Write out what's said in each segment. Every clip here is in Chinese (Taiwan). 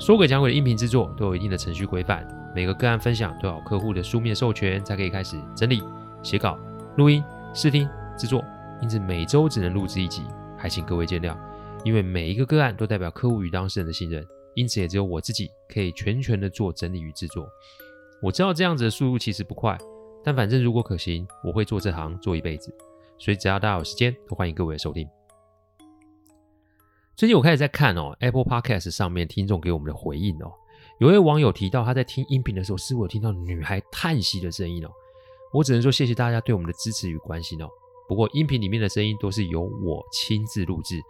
說詭講鬼的音頻製作都有一定的程序規範，每個個案分享都要客戶的書面授權才可以開始整理、寫稿、錄音、試聽、製作，因此每周只能錄製一集，還請各位見諒。因為每一個個案都代表客戶與當事人的信任，因此也只有我自己可以全權的做整理與製作。我知道這樣子的速度其實不快，但反正如果可行，我會做這行做一輩子，所以只要大家有時間，都歡迎各位的收聽。最近我開始在看哦，Apple Podcast 上面聽眾給我們的回應哦，有位網友提到他在聽音頻的時候似乎有聽到女孩嘆息的聲音哦，我只能說謝謝大家對我們的支持與關心哦。不過音頻裡面的聲音都是由我親自錄製，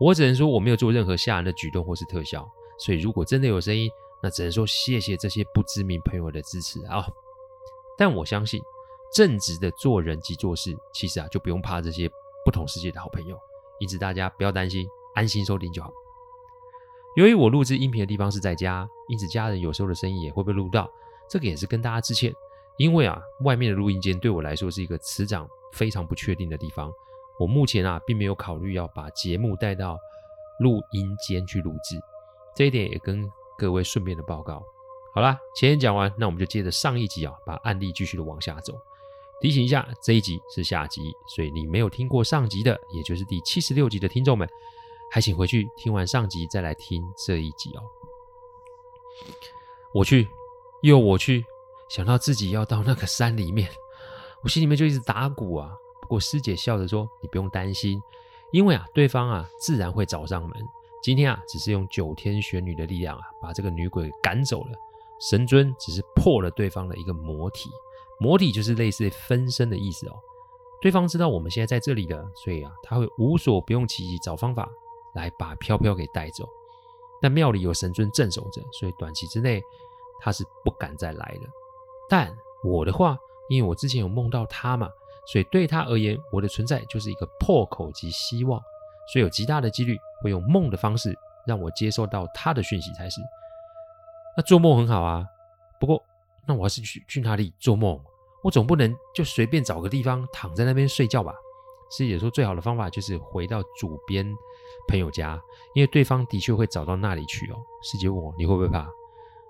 我只能說我沒有做任何嚇人的舉動或是特效，所以如果真的有聲音，那只能說謝謝這些不知名朋友的支持啊。但我相信正直的做人及做事，其實啊就不用怕這些不同世界的好朋友，因此大家不要擔心。安心收聽就好。由於我錄制音頻的地方是在家，因此家人有時候的聲音也會被錄到，這個也是跟大家致歉。因為啊，外面的錄音間對我來說是一個磁場非常不確定的地方。我目前啊，並沒有考慮要把節目帶到錄音間去錄制，這一點也跟各位順便的報告。好啦，前言講完，那我們就接着上一集啊，把案例繼續的往下走。提醒一下，這一集是下集，所以你沒有聽過上集的，也就是第七十六集的聽眾們。還請回去聽完上集再來聽這一集哦。我去，又我去，想到自己要到那個山裡面，我心裡面就一直打鼓啊。不過師姐笑着說：“你不用擔心，因為啊，對方啊，自然會找上門。今天啊，只是用九天玄女的力量啊，把這個女鬼趕走了。神尊只是破了對方的一個魔體，魔體就是類似分身的意思哦。對方知道我們現在在這裡的，所以啊，他會無所不用其極找方法。”來把飄飄給帶走，但廟裡有神尊鎮守着，所以短期之內他是不敢再來了。但我的話，因為我之前有夢到他嘛，所以對他而言，我的存在就是一個破口及希望，所以有極大的幾率會用夢的方式讓我接受到他的訊息才是。那做夢很好啊，不過那我要是去去哪裡做夢，我總不能就隨便找個地方躺在那邊睡覺吧？師姐說最好的方法就是回到主編。朋友家，因為對方的確會找到那裡去哦。師姐問我，你會不會怕？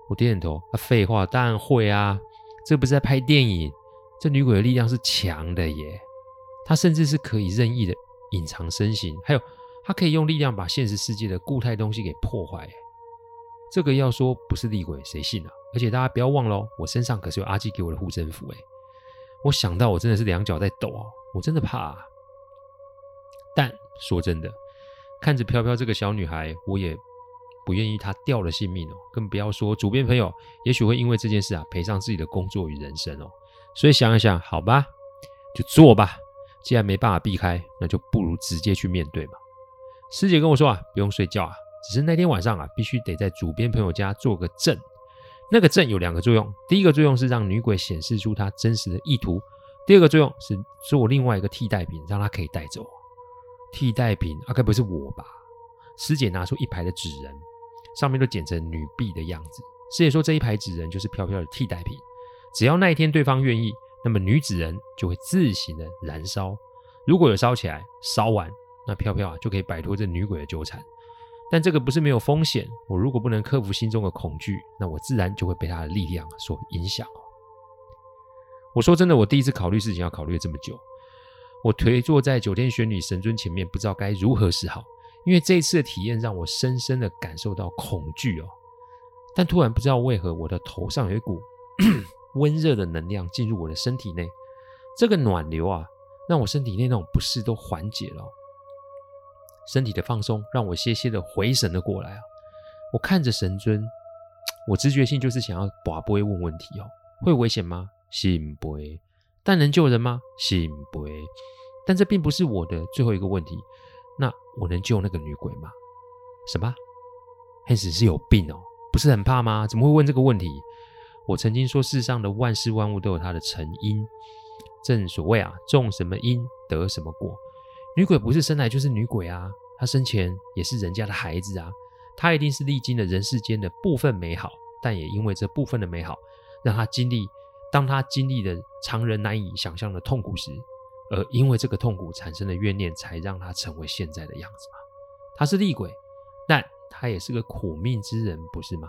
我點點頭。啊，廢話，當然會啊！這不是在拍電影，這女鬼的力量是強的耶。她甚至是可以任意的隱藏身形，還有她可以用力量把現實世界的固態的東西給破壞。這個要說不是厲鬼誰信啊？而且大家不要忘了，我身上可是有阿基給我的護身符誒，我想到我真的是兩腳在抖哦，我真的怕啊。但說真的。看着飄飄這個小女孩，我也不願意她掉了性命哦，更不要說主編朋友，也許會因為這件事啊賠上自己的工作與人生哦。所以想一想，好吧，就做吧。既然沒辦法避開，那就不如直接去面對嘛。師姐跟我說啊，不用睡覺啊，只是那天晚上啊，必須得在主編朋友家做個陣。那個陣有兩個作用，第一個作用是讓女鬼顯示出她真實的意圖，第二個作用是做另外一個替代品，讓她可以帶走。替代品啊，該不是我吧？師姐拿出一排的紙人，上面都剪成女婢的樣子。師姐說，這一排紙人就是飄飄的替代品。只要那一天對方願意，那麼女紙人就會自行的燃燒。如果有燒起來，燒完，那飄飄啊就可以擺脫這女鬼的糾纏。但這個不是沒有風險，我如果不能克服心中的恐懼，那我自然就會被她的力量所影響。我說真的，我第一次考慮事情要考慮這麼久。我頹坐在九天玄女神尊前面，不知道該如何是好，因為這一次的體驗讓我深深的感受到恐懼哦。但突然不知道為何我的頭上有一股 溫熱的能量進入我的身體內，這個暖流啊，讓我身體內那種不適都緩解了，哦，身體的放鬆讓我歇歇的回神了過來啊。我看着神尊，我直覺性就是想要拔杯問問題哦，會危險嗎？信、嗯、不是但能救人嗎？是不是。但這並不是我的最後一個問題。那我能救那個女鬼嗎？什麼？Hans 是有病哦，不是很怕嗎？怎麼會問這個問題？我曾經說，世上的萬事萬物都有它的成因，正所謂啊，種什麼因得什麼果。女鬼不是生來就是女鬼啊，她生前也是人家的孩子啊，她一定是歷經了人世間的部分美好，但也因為這部分的美好，讓她經歷。當他經歷了常人難以想象的痛苦時，而因為這個痛苦產生的怨念，才讓他成為現在的樣子吧。他是厲鬼，但他也是個苦命之人，不是嗎？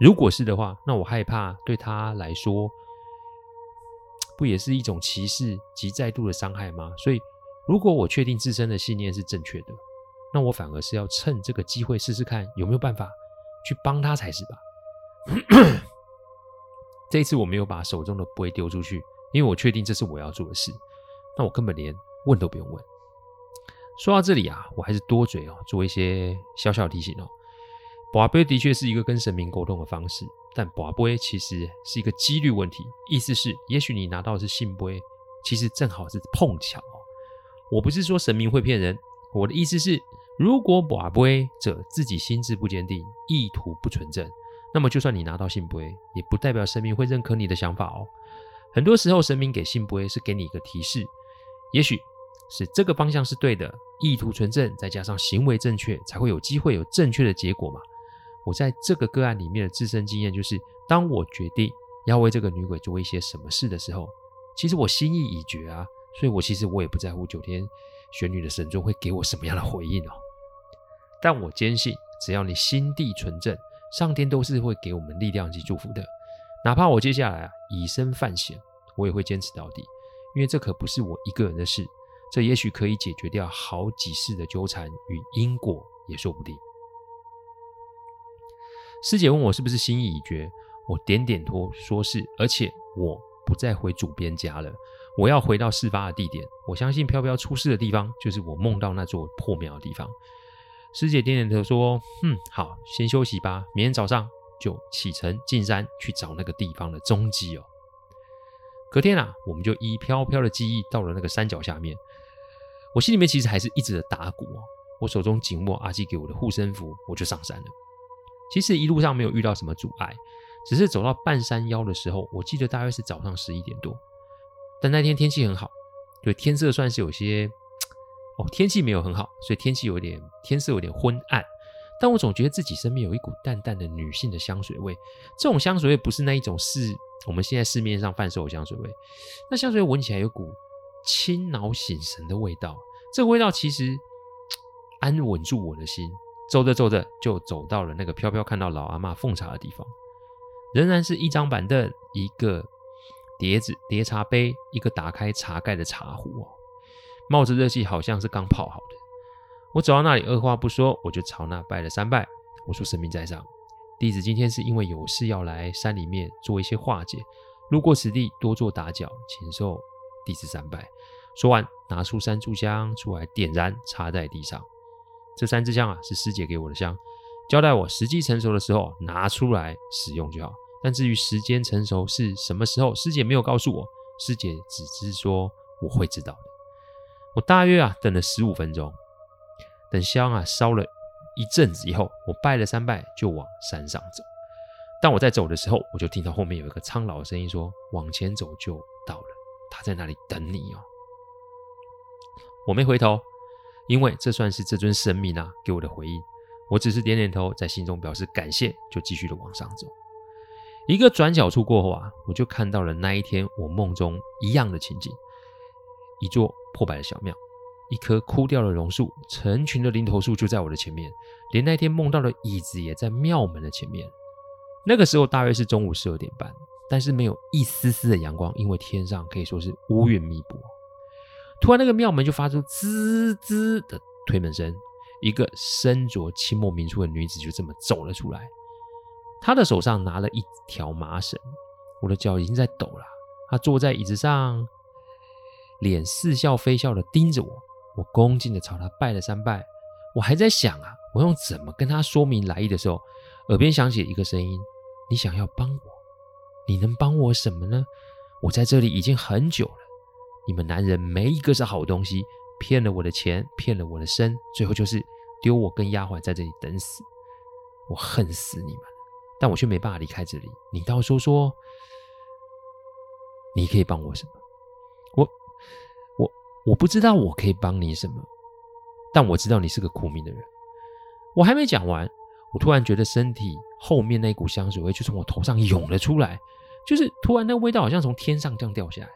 如果是的話，那我害怕對他來說，不也是一種歧視及再度的傷害嗎？所以，如果我確定自身的信念是正確的，那我反而是要趁這個機會試試看有沒有辦法去幫他才是吧。 這一次我沒有把手中的杯丟出去，因為我確定這是我要做的事。那我根本連問都不用問。說到這裡啊，我還是多嘴哦，做一些小小提醒哦。把杯的確是一個跟神明溝通的方式，但把杯其實是一個幾率問題。意思是，也許你拿到的是信杯，其實正好是碰巧哦。我不是說神明會騙人，我的意思是，如果把杯者自己心智不堅定，意圖不純正。那麼，就算你拿到信不歸，也不代表神明會認可你的想法哦。很多時候，神明給信不歸是給你一個提示，也許是這個方向是對的，意圖純正，再加上行為正確，才會有機會有正確的結果嘛。我在這個個案裡面的自身經驗就是，當我決定要為這個女鬼做一些什麼事的時候，其實我心意已決啊，所以我其實我也不在乎九天玄女的神尊會給我什麼樣的回應哦。但我堅信，只要你心地純正。上天都是會給我們力量及祝福的，哪怕我接下來以身犯險，我也會堅持到底，因為這可不是我一個人的事，這也許可以解決掉好幾世的糾纏與因果，也說不定。師姐問我是不是心意已決，我點點頭，說是，而且我不再回主編家了，我要回到事發的地點，我相信飄飄出事的地方就是我夢到那座破廟的地方。師姐點點頭說：“嗯，好，先休息吧。明天早上就啟程進山去找那個地方的蹤跡哦。”隔天啊，我們就依飄飄的記憶到了那個山腳下面。我心裡面其實還是一直的打鼓哦，我手中緊握阿基給我的護身符，我就上山了。其實一路上沒有遇到什麼阻礙，只是走到半山腰的時候，我記得大概是早上十一點多，但那天天氣很好，對，天色算是有些。哦，天氣沒有很好，所以天氣有點，天色有點昏暗。但我總覺得自己身邊有一股淡淡的女性的香水味，這種香水味不是那一種，是我們現在市面上販售的香水味。那香水味聞起來有股清腦醒神的味道，這個味道其實安穩住我的心。走着走着，就走到了那個飄飄看到老阿嬤奉茶的地方，仍然是一張板凳，一個碟子疊茶杯，一個打開茶蓋的茶壺冒着熱氣，好像是剛泡好的。我走到那裡，二話不說，我就朝那拜了三拜。我說：“神明在上，弟子今天是因為有事要來山裡面做一些化解，路過此地多做打攪，請受弟子三拜。”說完，拿出三炷香出來點燃，插在地上。這三支香啊，是師姐給我的香，交代我時機成熟的時候拿出來使用就好。但至於時間成熟是什麼時候，師姐沒有告訴我，師姐只是說我會知道。我大約啊等了十五分鐘，等香啊燒了一陣子以後，我拜了三拜，就往山上走。當我在走的時候，我就聽到後面有一個蒼老的聲音說：“往前走就到了，他在那裡等你哦。”我沒回頭，因為這算是這尊神明啊給我的回應。我只是點點頭，在心中表示感謝，就繼續的往上走。一個轉角處過後啊，我就看到了那一天我夢中一樣的情景。一座破敗的小廟，一棵枯掉的榕樹，成群的林投樹就在我的前面，連那天夢到的椅子也在廟門的前面。那個時候大約是中午十二點半，但是沒有一絲絲的陽光，因為天上可以說是烏雲密布。突然，那個廟門就發出吱吱的推門聲，一個身着清末民初的女子就這麼走了出來，她的手上拿了一條麻繩，我的腳已經在抖了。她坐在椅子上。臉似笑非笑的盯着我，我恭敬的朝他拜了三拜。我還在想啊，我用怎麼跟他說明來意的時候，耳邊響起一個聲音：“你想要幫我？你能幫我什麼呢？我在這裡已經很久了，你們男人沒一個是好東西，騙了我的錢，騙了我的身，最後就是丟我跟丫鬟在這裡等死。我恨死你們，但我卻沒辦法離開這裡。你倒說說，你可以幫我什麼？我。”我不知道我可以幫你什麼，但我知道你是個苦命的人。我還沒講完，我突然覺得身體後面那股香水味就從我頭上湧了出來，就是突然那個味道好像從天上這樣掉下來。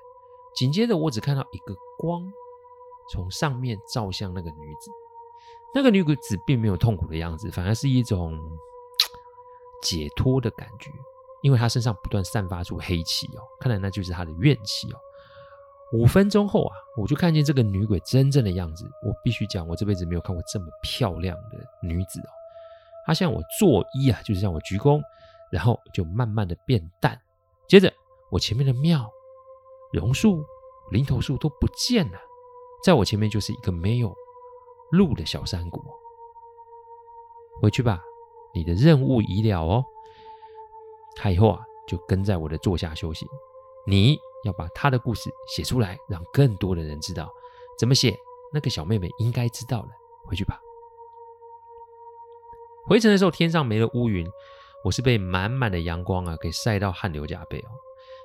緊接着，我只看到一個光從上面照向那個女子。那個女子並沒有痛苦的樣子，反而是一種解脫的感覺，因為她身上不斷散發出黑氣哦，看來那就是她的怨氣哦。五分鐘後啊，我就看見這個女鬼真正的樣子。我必須講，我這輩子沒有看過這麼漂亮的女子哦。她向我作揖啊，就是向我鞠躬，然後就慢慢的變淡。接着，我前面的廟、榕樹、林投樹都不見了，在我前面就是一個沒有路的小山谷。回去吧，你的任務已了哦。她以後啊，就跟在我的座下修行。你。要把她的故事寫出來，讓更多的人知道。怎麼寫？那個小妹妹應該知道了。回去吧。回程的時候，天上沒了烏雲，我是被滿滿的陽光啊給曬到汗流浹背哦。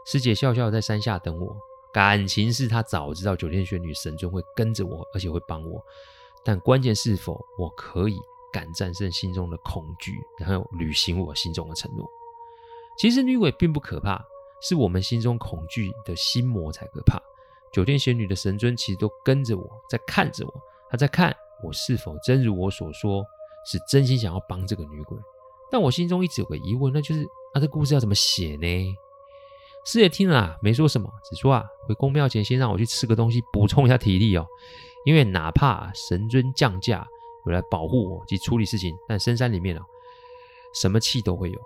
師姐笑笑在山下等我。感情是她早知道九天玄女神尊會跟着我，而且會幫我。但關鍵是否我可以敢戰勝心中的恐懼，然後履行我心中的承諾？其實女鬼並不可怕。是我們心中恐懼的心魔才可怕。九天玄女的神尊其實都跟着我在看着我，他在看我是否真如我所說，是真心想要幫這個女鬼。但我心中一直有個疑問，那就是啊，這故事要怎麼寫呢？師爺聽了沒說什麼，只說啊，回宮廟前先讓我去吃個東西補充一下體力哦，因為哪怕神尊降駕有來保護我及處理事情，但深山裡面啊、哦，什麼氣都會有。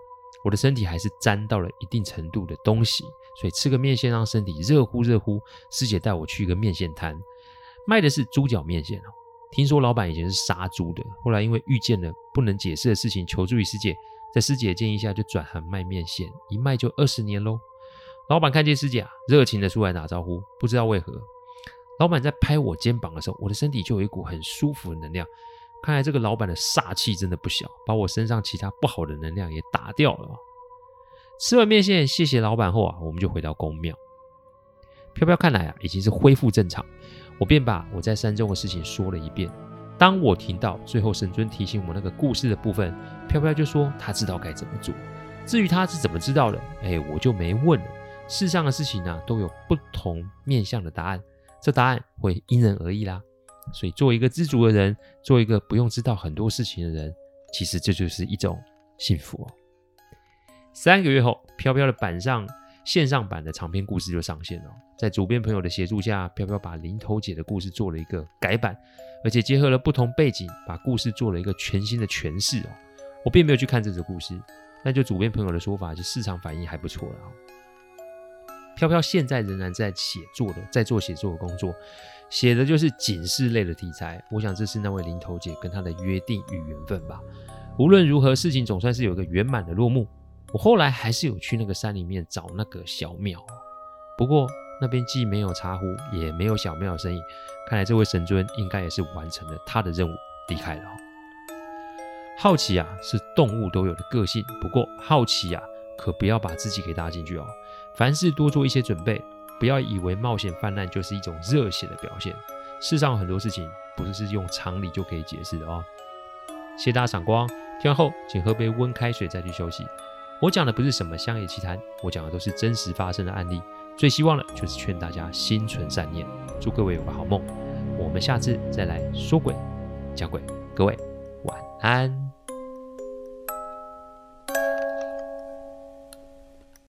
我的身體還是沾到了一定程度的東西，所以吃個麵線讓身體熱乎熱乎。師姐帶我去一個麵線攤，賣的是豬腳麵線。聽說老闆以前是殺豬的，後來因為遇見了不能解釋的事情，求助於師姐，在師姐的建議下就轉行賣麵線，一賣就二十年嘍。老闆看見師姐啊，熱情的出來打招呼。不知道為何，老闆在拍我肩膀的時候，我的身體就有一股很舒服的能量。看來這個老板的煞氣真的不小，把我身上其他不好的能量也打掉了。吃完面線，謝謝老板後啊，我們就回到宮廟。飄飄看來啊，已經是恢復正常，我便把我在山中的事情說了一遍。當我聽到最後神尊提醒我那個故事的部分，飄飄就說他知道該怎麼做。至於他是怎麼知道的，哎，我就沒問了。世上的事情呢，啊，都有不同面向的答案，這答案會因人而異啦。所以，做一個知足的人，做一個不用知道很多事情的人，其實這就是一種幸福哦。三個月後，飄飄的版上線上版的長篇故事就上線了哦。在主編朋友的協助下，飄飄把林投姐的故事做了一個改版，而且結合了不同背景，把故事做了一個全新的詮釋哦。我並沒有去看這則故事，那就主編朋友的說法，就市場反應還不錯了哦。飄飄現在仍然在寫作的，在做寫作的工作，寫的就是警示類的題材。我想這是那位林投姐跟她的約定與緣分吧。無論如何，事情總算是有個圓滿的落幕。我後來還是有去那個山裡面找那個小廟，不過那邊既沒有茶壺，也沒有小廟的身影。看來這位神尊應該也是完成了他的任務，離開了哦。好奇啊，是動物都有的個性，不過好奇啊，可不要把自己給搭進去哦。凡事多做一些準備，不要以為冒險犯難就是一種熱血的表現。世上很多事情不是，是用常理就可以解釋的哦。謝謝大家賞光，聽完後請喝杯溫開水再去休息。我講的不是什麼鄉野奇談，我講的都是真實發生的案例。最希望的就是勸大家心存善念，祝各位有個好夢。我們下次再來說鬼講鬼，各位晚安。